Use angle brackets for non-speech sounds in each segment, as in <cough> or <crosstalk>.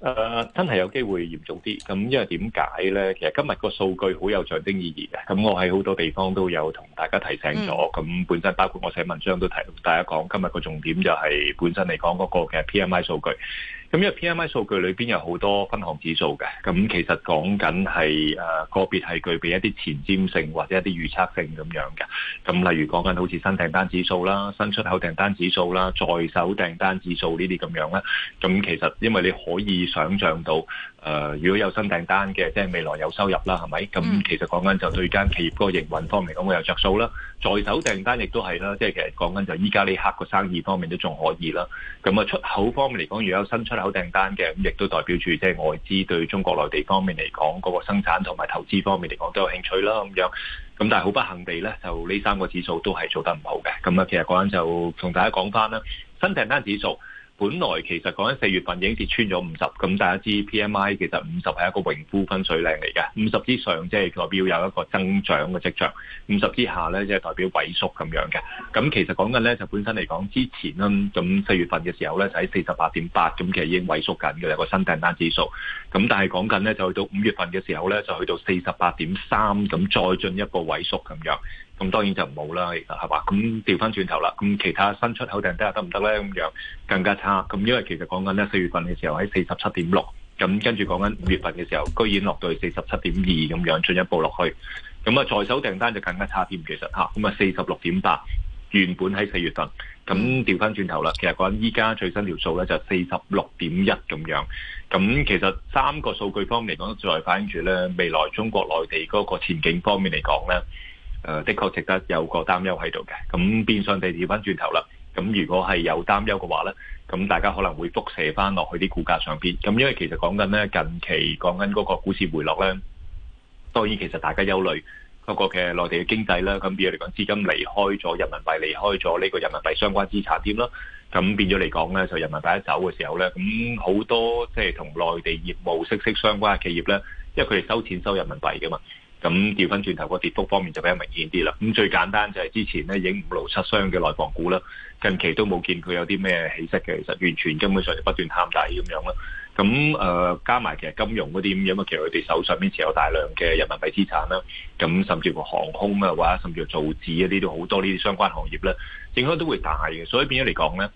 誒，真係有機會嚴重啲。咁因為點解呢？其實今日個數據好有象徵意義嘅。咁我喺好多地方都有同大家提醒咗。咁本身包括我寫文章都提，大家講今日個重點就係本身嚟講嗰個嘅 PMI 數據。因為 PMI 數據裏邊有好多分行指數嘅，咁其實講緊係誒個別係具備一啲前瞻性或者一啲預測性咁樣嘅。咁例如講緊好似新訂單指數啦、新出口訂單指數啦、在手訂單指數呢啲咁樣啦。咁其實因為你可以想像到誒、呃，如果有新訂單嘅，即係未來有收入啦，係咪？咁其實講緊就對間企業個營運方面嚟講，會有着數啦。在手訂單亦都係啦，即係其實講緊就依家呢刻個生意方面都仲可以啦。咁啊，出口方面嚟講，如果有新出口，有訂單嘅咁，亦都代表住即係外資對中國內地方面嚟講，嗰個生產同埋投資方面嚟講都有興趣啦。咁樣咁，但係好不幸地咧，就呢三個指數都係做得唔好嘅。咁啊，其實講緊就同大家講翻啦，新訂單指數。本來其實講緊四月份已經跌穿咗五十，咁大家知 P M I 其實五十係一個榮枯分水嶺嚟嘅，五十之上即係代表有一個增長嘅跡象，五十之下咧即係代表萎縮咁樣嘅。咁其實講緊咧就本身嚟講之前啦，咁四月份嘅時候咧就喺四十八點八，咁其實已經萎縮緊嘅喇，個新訂單指數。咁但係講緊咧就去到五月份嘅時候咧就去到四十八點三，咁再進一步萎縮咁樣。咁當然就唔好啦，其實係嘛？咁調翻轉頭啦，咁其他新出口訂單得唔得咧？咁樣更加差。咁因為其實講緊咧，四月份嘅時候喺四十七點六，咁跟住講緊五月份嘅時候，居然落到去四十七點二咁樣進一步落去。咁啊，在手訂單就更加差啲。其實吓，咁啊四十六點八，8, 原本喺四月份，咁調翻轉頭啦。其實講緊依家最新條數咧就四十六點一咁樣。咁其實三個數據方面嚟講，都最反映住咧未來中國內地嗰個前景方面嚟講咧。誒，的確值得有個擔憂喺度嘅。咁變相地調翻轉頭啦。咁如果係有擔憂嘅話咧，咁大家可能會輻射翻落去啲股價上邊。咁因為其實講緊咧近期講緊嗰個股市回落咧，當然其實大家憂慮嗰個嘅內地嘅經濟啦。咁比如嚟講，資金離開咗人民幣，離開咗呢個人民幣相關資產添啦。咁變咗嚟講咧，就人民幣一走嘅時候咧，咁好多即係同內地業務息息相關嘅企業咧，因為佢哋收錢收人民幣嘅嘛。咁調返轉頭個跌幅方面就比較明顯啲啦。咁最簡單就係之前咧影五勞七傷嘅內房股啦，近期都冇見佢有啲咩起色嘅，其實完全根本上就不斷探底咁樣啦。咁誒加埋其實金融嗰啲咁樣啊，因為其實佢哋手上面持有大量嘅人民幣資產啦。咁甚至乎航空啊，或者甚至乎造紙呢啲都好多呢啲相關行業咧，影響都會大嘅。所以變咗嚟講咧，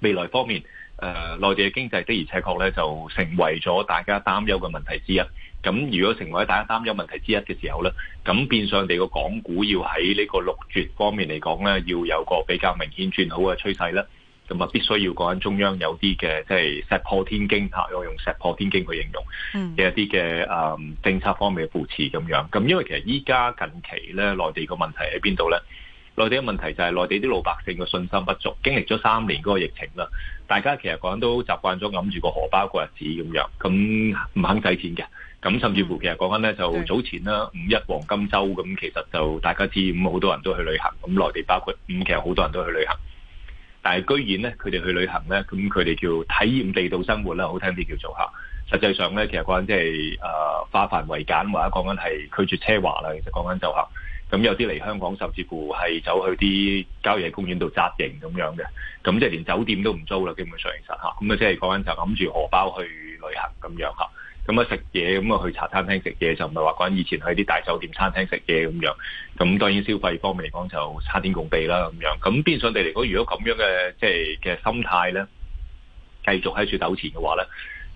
未來方面。誒、呃、內地嘅經濟的而且確咧，就成為咗大家擔憂嘅問題之一。咁如果成為大家擔憂問題之一嘅時候咧，咁變相你個港股要喺呢個六絕方面嚟講咧，要有個比較明顯轉好嘅趨勢啦。咁啊必須要講緊中央有啲嘅即係石破天驚嚇，我用石破天驚去形容嘅、嗯、一啲嘅、嗯、政策方面嘅扶持咁樣。咁因為其實依家近期咧內地個問題喺邊度咧？內地嘅問題就係內地啲老百姓嘅信心不足，經歷咗三年嗰個疫情啦，大家其實講緊都習慣咗揞住個荷包過日子咁樣，咁唔肯使錢嘅。咁甚至乎其實講緊咧就早前啦，五一黃金週咁，其實就大家知咁好多人都去旅行，咁內地包括五其實好多人都去旅行，但係居然咧佢哋去旅行咧，咁佢哋叫體驗地道生活啦，好聽啲叫做嚇，實際上咧，其實講緊即係誒化繁為簡，或者講緊係拒絕奢華啦，其實講緊就嚇。咁有啲嚟香港，甚至乎係走去啲郊野公園度紮營咁樣嘅，咁即係連酒店都唔租啦。基本上其實吓，咁啊即係講緊就揞住荷包去旅行咁樣吓，咁啊食嘢，咁啊去茶餐廳食嘢，就唔係話講以前去啲大酒店餐廳食嘢咁樣。咁當然消費方面嚟講就差天共地啦咁樣。咁變相地嚟講，如果咁樣嘅即係嘅心態咧，繼續喺處糾纏嘅話咧。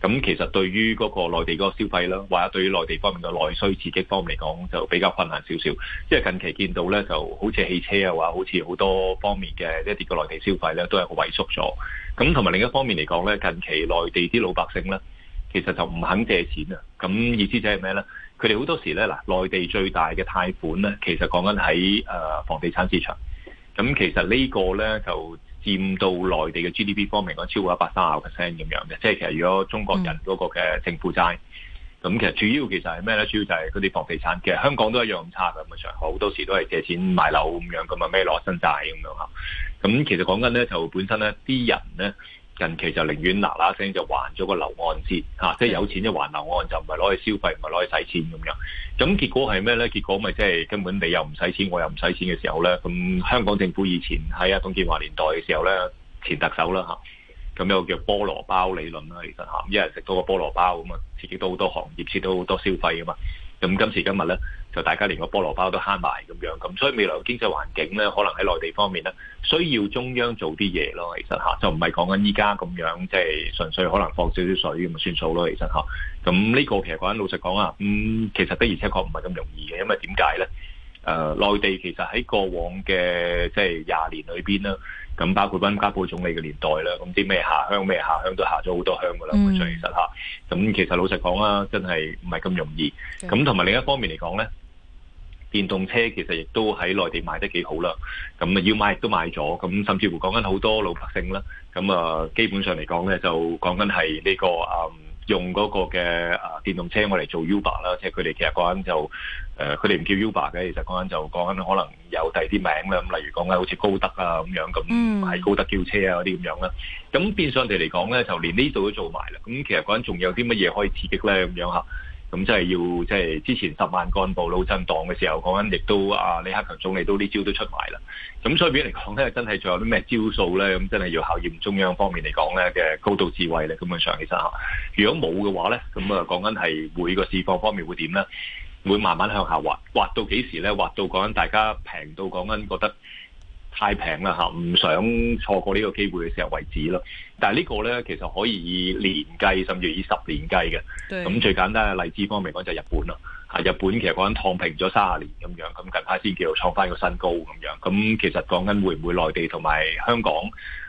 咁其實對於嗰個內地嗰個消費啦，或者對於內地方面嘅內需刺激方面嚟講，就比較困難少少。即係近期見到咧，就好似汽車啊，或者，好似好多方面嘅一啲嘅內地消費咧，都係萎縮咗。咁同埋另一方面嚟講咧，近期內地啲老百姓咧，其實就唔肯借錢啊。咁意思就係咩咧？佢哋好多時咧嗱，內地最大嘅貸款咧，其實講緊喺誒房地產市場。咁其實呢個咧就。佔到內地嘅 GDP 方面講超過一百三十 percent 咁樣嘅，即係其實如果中國人嗰個嘅政府債，咁其實主要其實係咩咧？主要就係嗰啲房地產，其實香港都一樣咁差嘅咁嘅情況，好多時都係借錢買樓咁樣咁啊，咩攞新債咁樣嚇，咁其實講緊咧就本身咧啲人咧。近期就寧願嗱嗱聲就還咗個樓案先、啊、即係有錢就還樓案，就唔係攞去消費，唔係攞去使錢咁樣。咁結果係咩呢？結果咪即係根本你又唔使錢，我又唔使錢嘅時候呢。咁香港政府以前喺啊董建華年代嘅時候呢，前特首啦咁、啊、有一個叫菠蘿包理論啦，其實、啊、一人食多個菠蘿包咁啊，刺激到好多行業，刺激到好多消費啊嘛。咁今時今日咧，就大家連個菠蘿包都慳埋咁樣，咁所以未來經濟環境咧，可能喺內地方面咧，需要中央做啲嘢咯。其實嚇，就唔係講緊依家咁樣，即係純粹可能放少少水咁咪算數咯。其實嚇，咁呢個其實講緊老實講啊，嗯，其實的而且確唔係咁容易嘅，因為點解咧？誒，內地其實喺過往嘅即係廿年裏邊啦，咁包括温家寶總理嘅年代啦，咁啲咩下鄉咩下鄉都下咗好多鄉噶啦。咁所以其實嚇，咁其實老實講啦，真係唔係咁容易。咁同埋另一方面嚟講咧，電動車其實亦都喺內地賣得幾好啦。咁啊要買亦都買咗，咁甚至乎講緊好多老百姓啦。咁啊基本上嚟講咧，就講緊係呢個啊。用嗰個嘅啊電動車我嚟做 Uber 啦，即係佢哋其實嗰陣就誒，佢哋唔叫 Uber 嘅，其實嗰陣就講緊可能有第二啲名啦，咁例如講緊，好似高德啊咁樣咁，係高德叫車啊嗰啲咁樣啦。咁變相哋嚟講咧，就連呢度都做埋啦。咁其實嗰陣仲有啲乜嘢可以刺激咧咁樣嚇。咁即係要，即係之前十萬幹部腦震盪嘅時候，講緊亦都啊，李克強總理都呢招都出埋啦。咁所以嚟講咧，真係仲有啲咩招數咧？咁真係要考驗中央方面嚟講咧嘅高度智慧咧。咁樣上起身嚇，如果冇嘅話咧，咁啊講緊係每個市況方面會點咧？會慢慢向下滑，滑到幾時咧？滑到講緊大家平到講緊覺得。太平啦嚇，唔想錯過呢個機會嘅時候為止咯。但係呢個咧，其實可以以年計，甚至以十年計嘅。咁最簡單嘅例子方面講就係日本啦吓，日本其實講緊躺平咗三十年咁樣，咁近排先叫做創翻個新高咁樣。咁其實講緊會唔會內地同埋香港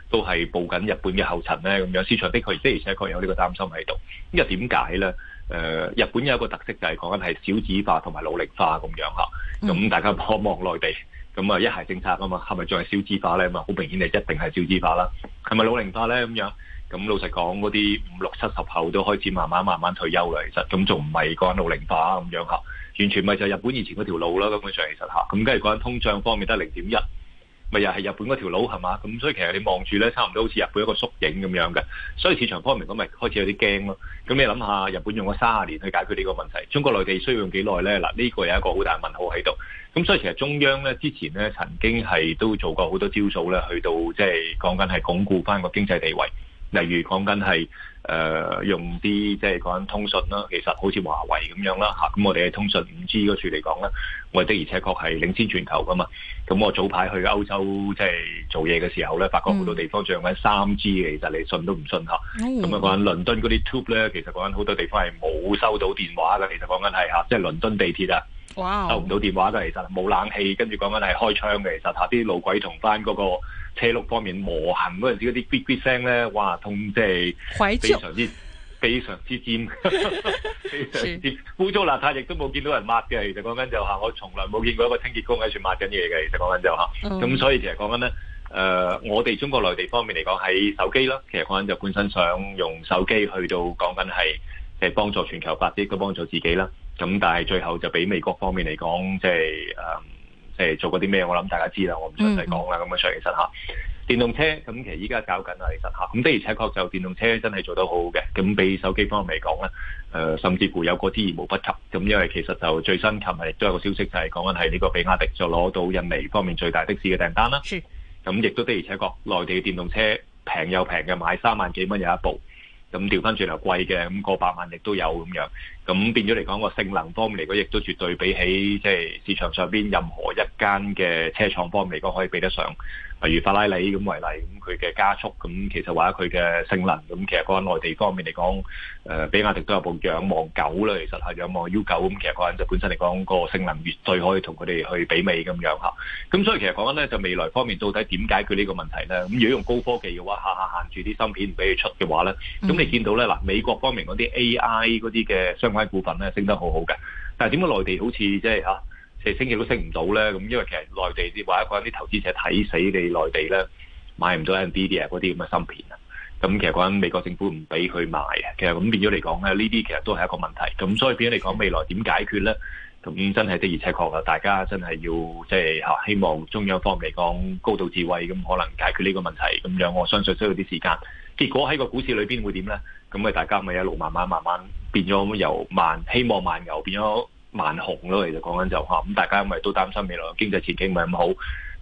都係步緊日本嘅後塵咧？咁樣市場的確，的而且確有呢個擔心喺度。因為點解咧？誒、呃，日本有一個特色就係講緊係少子化同埋努力化咁樣吓，咁大家望望內地。嗯咁啊，一孩政策啊嘛，係咪再係少子化咧？咁啊，好明顯係一定係少子化啦。係咪老齡化咧？咁樣咁老實講，嗰啲五六七十後都開始慢慢慢慢退休啦。其實咁仲唔係講緊老齡化啊？咁樣嚇，完全咪就係日本以前嗰條路啦。根本上其實吓，咁梗係講緊通脹方面得零點一。咪又係日本嗰條路係嘛，咁所以其實你望住咧，差唔多好似日本一個縮影咁樣嘅，所以市場方面咁咪開始有啲驚咯。咁你諗下，日本用咗三十年去解決呢個問題，中國內地需要用幾耐咧？嗱，呢個有一個好大嘅問號喺度。咁所以其實中央咧之前咧曾經係都做過好多招數咧，去到即係講緊係鞏固翻個經濟地位，例如講緊係。誒、呃、用啲即係講緊通訊啦，其實好似華為咁樣啦嚇，咁我哋喺通訊五 G 嗰處嚟講啦，我的而且確係領先全球噶嘛。咁我早排去歐洲即係做嘢嘅時候咧，發覺好多地方仲用緊三 G 嘅，其實你信都唔信嚇。咁啊講緊倫敦嗰啲 tube 咧，其實講緊好多地方係冇收到電話嘅，其實講緊係嚇，即係倫敦地鐵啊、wow，收唔到電話嘅，其實冇冷氣，跟住講緊係開窗嘅，其實下啲老鬼同翻嗰個。車轆方面磨痕嗰陣時嗰啲嗶嗶聲咧，哇，痛，即係非常之非常之尖，非常之污糟邋遢，亦 <laughs> 常之 <laughs> 都冇見到人抹嘅。其實講緊就吓、是，我從來冇見過一個清潔工喺處抹緊嘢嘅。其實講緊就吓、是，咁、嗯、所以其實講緊咧，誒、呃，我哋中國內地方面嚟講，喺手機啦，其實講緊就本身想用手機去到講緊係，誒，幫助全球發展，都幫助自己啦。咁但係最後就俾美國方面嚟講、就是，即係誒。誒做過啲咩？我諗大家知啦，我唔詳細講啦。咁、嗯、樣上其實下電動車咁，其實依家搞緊啊，其實下咁的而且確就電動車真係做得好好嘅。咁俾手機方面嚟講咧，甚至乎有過之而無不及。咁因為其實就最新近日亦都有個消息，就係講緊係呢個比亞迪就攞到印尼方面最大的士嘅訂單啦。咁亦都的而且確內地嘅電動車平又平嘅，買三萬幾蚊有一部。咁調翻轉頭貴嘅，咁過百萬亦都有咁樣。咁變咗嚟講個性能方面嚟講，亦都絕對比起即係市場上邊任何一間嘅車廠方面嚟講，可以比得上。例如法拉利咁為例，咁佢嘅加速，咁其實話佢嘅性能，咁其實講緊內地方面嚟講，誒比亞迪都有部仰望九啦，其實係仰望 U 九，咁其實講緊就本身嚟講個性能越最可以同佢哋去媲美咁樣嚇。咁所以其實講緊咧就未來方面到底點解決呢個問題咧？咁如果用高科技嘅話，下下限住啲芯片唔俾佢出嘅話咧，咁你見到咧嗱美國方面嗰啲 AI 嗰啲嘅商。股份咧升得好好嘅，但係點解內地好似即係吓，成、就是啊、星期都升唔到咧？咁因為其實內地啲話講啲投資者睇死你內地咧，買唔到 NVIDIA 啊，嗰啲咁嘅芯片啊，咁其實講美國政府唔俾佢賣啊，其實咁變咗嚟講咧，呢啲其實都係一個問題。咁所以變咗嚟講，未來點解決咧？咁真係的而且確啊，大家真係要即係吓，希望中央方面嚟講高度智慧咁，可能解決呢個問題。咁樣我相信需要啲時間。結果喺個股市裏邊會點咧？咁啊，大家咪一路慢慢慢慢。慢慢變咗由慢，希望慢牛變咗慢熊咯。其實講緊就吓，咁大家咪都擔心未來經濟前景唔係咁好。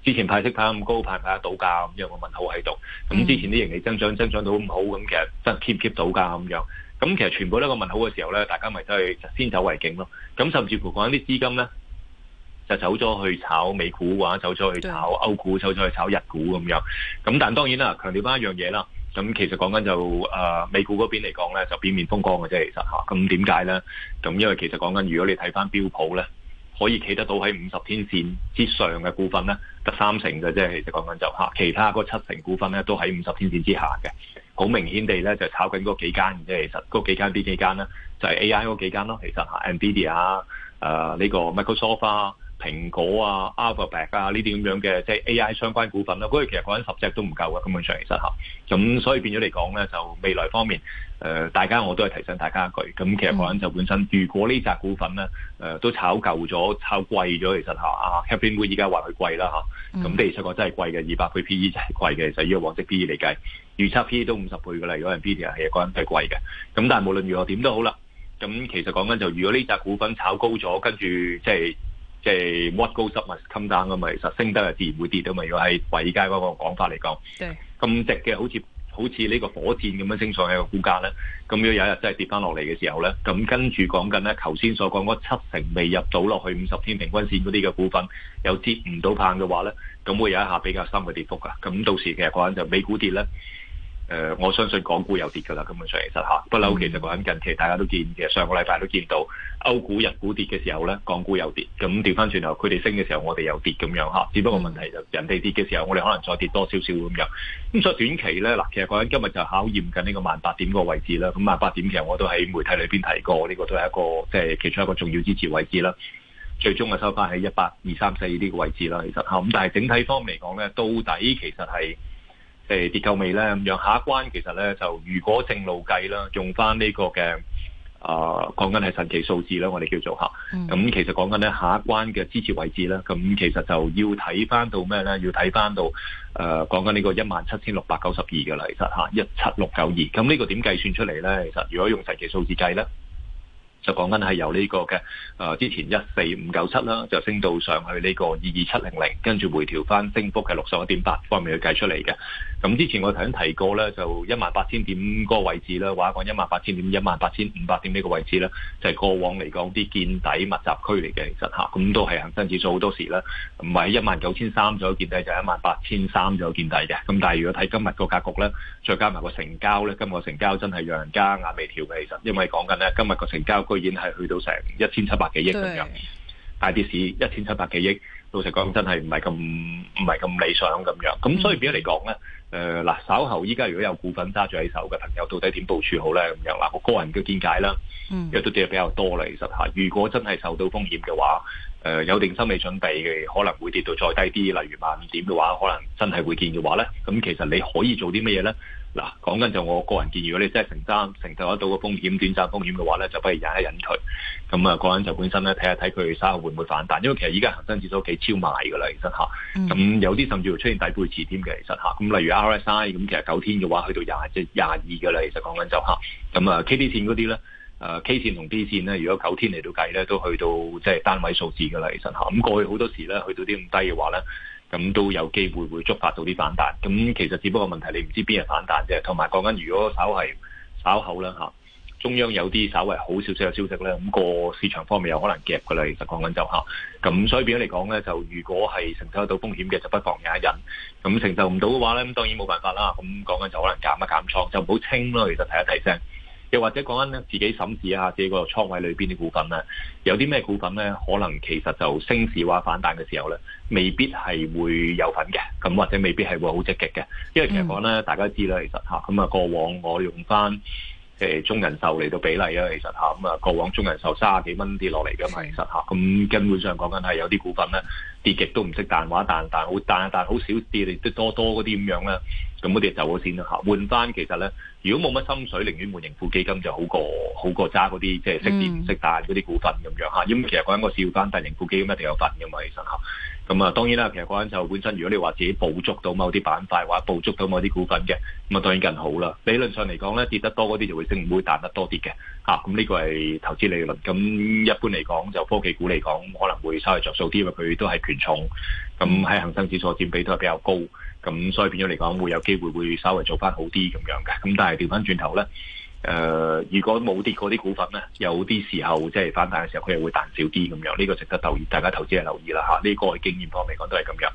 之前派息派咁高，派唔派得到價咁樣個問號喺度。咁之前啲盈利增長增長到咁好，咁其實真係 keep 唔 keep 到價咁樣。咁其實全部都係個問號嘅時候咧，大家咪都係先走為敬咯。咁甚至乎講緊啲資金咧，就走咗去炒美股或者走咗去炒歐股，走咗去炒日股咁樣。咁但當然啦，強調翻一樣嘢啦。咁其實講緊就誒、呃、美股嗰邊嚟講咧，就表面風光嘅啫，其實吓，咁點解咧？咁、啊、因為其實講緊，如果你睇翻標普咧，可以企得到喺五十天線之上嘅股份咧，得三成嘅啫。其實講緊就吓，其他嗰七成股份咧，都喺五十天線之下嘅。好明顯地咧，就炒緊嗰幾間即係其實嗰幾間邊幾間咧，就係 A I 嗰幾間、就是、咯。其實吓 NVIDIA 啊，呢、呢個 Microsoft、啊蘋果啊，Alphabet 啊，呢啲咁樣嘅即係 A.I. 相關股份啦。嗰、那、啲、個、其實講緊十隻都唔夠嘅，根本上其實嚇咁，所以變咗嚟講咧，就未來方面，誒、呃，大家我都係提醒大家一句，咁其實講緊就本身，如果呢隻股份咧，誒、呃、都炒夠咗、炒貴咗，其實吓阿 Kevin Wu 依家話佢貴啦嚇，咁第二出講真係貴嘅，二百倍 P.E. 就係貴嘅，其實呢個往績 P.E. 嚟計，預測 P.E. 都五十倍嘅啦，如果 NVIDIA，人 P.E. 係講人係貴嘅，咁但係無論如何點都好啦，咁其實講緊就如果呢隻股份炒高咗，跟住即係。即係 what goes up must come down 咁嘛，其實升得又自然會跌啊嘛。如果係偉界嗰個講法嚟講，咁直嘅好似好似呢個火箭咁樣升上去嘅股價咧，咁要有一日真係跌翻落嚟嘅時候咧，咁跟住講緊咧，頭先所講嗰七成未入到落去五十天平均線嗰啲嘅股份，又跌唔到棒嘅話咧，咁會有一下比較深嘅跌幅㗎。咁到時其實講就美股跌咧。誒、呃，我相信港股有跌㗎啦。根本上其實嚇，不、嗯、嬲。其實講緊近期大家都見嘅，上個禮拜都見到歐股、日股跌嘅時候咧，港股有跌。咁調翻轉頭，佢哋升嘅時候，我哋又跌咁樣嚇。只不過問題就人哋跌嘅時候，我哋可能再跌多少少咁樣。咁所以短期咧，嗱，其實講緊今日就考驗緊呢個萬八點個位置啦。咁萬八點其實我都喺媒體裏邊提過，呢、這個都係一個即係、就是、其中一個重要支持位置啦。最終嘅收翻喺一八二三四呢個位置啦。其實嚇，咁但係整體方面嚟講咧，到底其實係。誒、嗯，跌夠未咧？咁樣，下一關，其實咧，就如果正路計啦，用翻呢個嘅啊，講緊係神奇數字啦。我哋叫做吓。咁其實講緊咧，下一關嘅支持位置咧，咁其實就要睇翻到咩咧？要睇翻到誒，講緊呢個一萬七千六百九十二嘅啦，其實吓，一七六九二。咁、啊、呢個點計算出嚟咧？其實如果用神奇數字計咧？就講緊係由呢個嘅誒、呃、之前一四五九七啦，就升到上去呢個二二七零零，跟住回調翻，升幅嘅六十一點八方面去計出嚟嘅。咁之前我頭先提過咧，就一萬八千點嗰個位置啦，話講一萬八千點、一萬八千五百點呢個位置咧，就係、是、過往嚟講啲見底密集區嚟嘅，其實吓，咁都係恒生指數好多時啦，唔係一萬九千三左右見底，就一萬八千三左右見底嘅。咁但係如果睇今日個格局咧，再加埋個成交咧，今日個成交真係讓人家眼眉跳嘅，其實，真其實因為講緊咧今日個成交。固然係去到成一千七百幾億咁樣，大跌市一千七百幾億，老實講真係唔係咁唔係咁理想咁樣。咁所以點樣嚟講咧？誒、呃、嗱，稍後依家如果有股份揸住喺手嘅朋友，到底點部署好咧？咁樣嗱，我、那個、個人嘅見解啦，因為都跌得比較多啦，其實吓。如果真係受到風險嘅話，誒、呃、有定心理準備嘅，可能會跌到再低啲。例如萬五點嘅話，可能真係會見嘅話咧，咁其實你可以做啲乜嘢咧？嗱，講緊就我個人建議，如果你真係承擔承受得到個風險、短暫風險嘅話咧，就不如忍一忍佢。咁啊，個人就本身咧，睇下睇佢三下會唔會反彈，因為其實依家恒生指數幾超賣噶啦，其實吓，咁有啲甚至會出現底背馳添嘅，其實吓，咁例如 RSI 咁，其實九天嘅話去到廿即係廿二噶啦，其實講緊就吓，咁啊，KD 線嗰啲咧，誒 K 線同 D 線咧，如果九天嚟到計咧，都去到即係單位數字噶啦，其實吓，咁過去好多時咧，去到啲咁低嘅話咧。咁都有機會會觸發到啲反彈，咁其實只不過問題你唔知邊日反彈啫，同埋講緊如果稍係稍後啦嚇，中央有啲稍為好少少嘅消息咧，咁個市場方面有可能夾噶啦，其實講緊就嚇，咁所以變咗嚟講咧，就如果係承受到風險嘅，就不妨忍一忍，咁承受唔到嘅話咧，咁當然冇辦法啦，咁講緊就可能減一減倉，就唔好清咯，其實睇一睇聲。又或者講緊咧，自己審視一下自己個倉位裏邊啲股份啊，有啲咩股份咧，可能其實就升市或反彈嘅時候咧，未必係會有份嘅，咁或者未必係會好積極嘅，因為其實講咧，大家知啦，其實嚇咁啊，過往我用翻。誒，中人壽嚟到比例啊，其實嚇咁啊，過往中人壽卅幾蚊跌落嚟嘅，其實嚇咁根本上講緊係有啲股份咧跌極都唔識彈，話彈彈好彈彈好少跌，你都多多嗰啲咁樣啦，咁嗰啲就好先啦嚇。換翻其實咧，如果冇乜心水，寧願換盈富基金就好過好過揸嗰啲即係識跌唔識彈嗰啲股份咁樣，嗯、因咁其實講緊個笑翻，但盈富基金一定有份嘅嘛，其實嚇。咁啊，當然啦，其實嗰陣就本身，如果你話自己捕捉到某啲板塊，話捕捉到某啲股份嘅，咁啊當然更好啦。理論上嚟講咧，跌得多嗰啲就會升，唔會彈得多啲嘅嚇。咁呢個係投資理論。咁一般嚟講，就科技股嚟講，可能會稍為着數啲，因為佢都係權重，咁喺恒生指數佔比都係比較高，咁所以變咗嚟講，會有機會會稍微做翻好啲咁樣嘅。咁但係調翻轉頭咧。誒、呃，如果冇跌嗰啲股份咧，有啲時候即係反彈嘅時候，佢又會彈少啲咁樣，呢、這個值得留意，大家投資係留意啦呢、啊，這個係經驗方面講都係咁樣。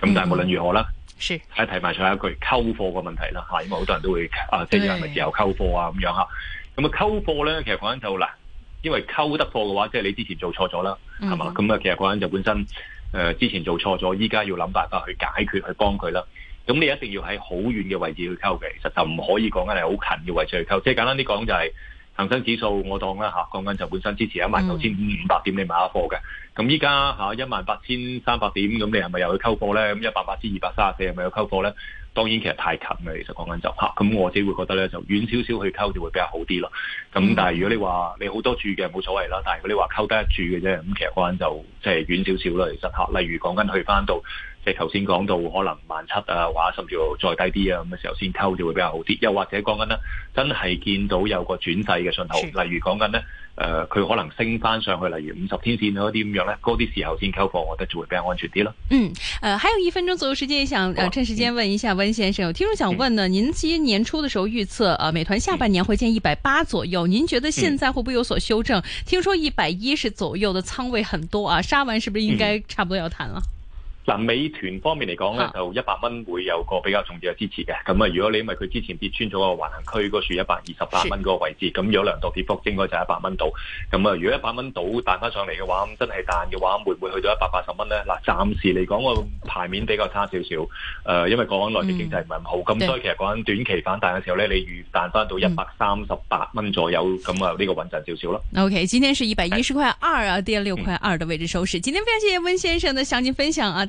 咁、啊、但係無論如何啦，係、嗯、提埋咗一句溝貨嘅問題啦、啊、因為好多人都會啊，即係係咪自由溝貨啊咁樣嚇。咁啊、嗯、溝貨咧，其實講緊就嗱，因為溝得貨嘅話，即係你之前做錯咗啦，係嘛？咁、嗯、啊，其實講緊就本身誒、呃、之前做錯咗，依家要諗辦法去解決，去幫佢啦。咁你一定要喺好遠嘅位置去溝嘅，其實就唔可以講緊係好近嘅位置去溝。即係簡單啲講就係恒生指數，我當啦嚇，講緊就本身支持一萬九千五百點，你買下貨嘅。咁依家嚇一萬八千三百點是是又，咁你係咪又去溝貨咧？咁一百八千二百三十四係咪又溝貨咧？當然其實太近嘅，其實講緊就咁、是啊、我自己會覺得咧就遠少少去溝就會比較好啲咯。咁、嗯、但係如果你話你好多住嘅冇所謂啦。但係如果你話溝得一住嘅啫，咁其實講緊就即係、就是、遠少少啦。其實嚇，例如講緊去翻到。即係頭先講到可能萬七啊，話甚至乎再低啲啊，咁嘅時候先溝就會比較好啲。又或者講緊呢，真係見到有個轉勢嘅信號，例如講緊呢，誒、呃，佢可能升翻上去，例如五十天線嗰啲咁樣呢，嗰啲時候先溝貨，我覺得就會比較安全啲咯。嗯，誒、呃，還有一分鐘左右時間，想趁時間問一下溫先生，有、嗯、聽眾想問呢，嗯、您今年初嘅時候預測，誒、嗯啊，美團下半年會見一百八左右，您覺得現在會不會有所修正？嗯、聽說一百一十左右嘅倉位很多啊，殺完是不是應該差不多要彈啦？嗯嗯嗱，美團方面嚟講咧，就一百蚊會有個比較重要嘅支持嘅。咁啊，如果你因為佢之前跌穿咗個橫行區嗰處一百二十八蚊嗰個位置，咁有兩度跌幅，應該就係一百蚊到。咁啊，如果一百蚊到彈翻上嚟嘅話，咁真係彈嘅話，會唔會去到一百八十蚊咧？嗱，暫時嚟講個牌面比較差少少。誒、呃，因為講緊內地經濟唔係咁好，咁、嗯、所以其實講緊短期反彈嘅時候咧，你預彈翻到一百三十八蚊左右，咁啊呢個穩陣少少咯。O K，今天是一百一十塊二啊，跌六塊二的位置收市。今天非常謝謝溫先生嘅詳盡分享啊！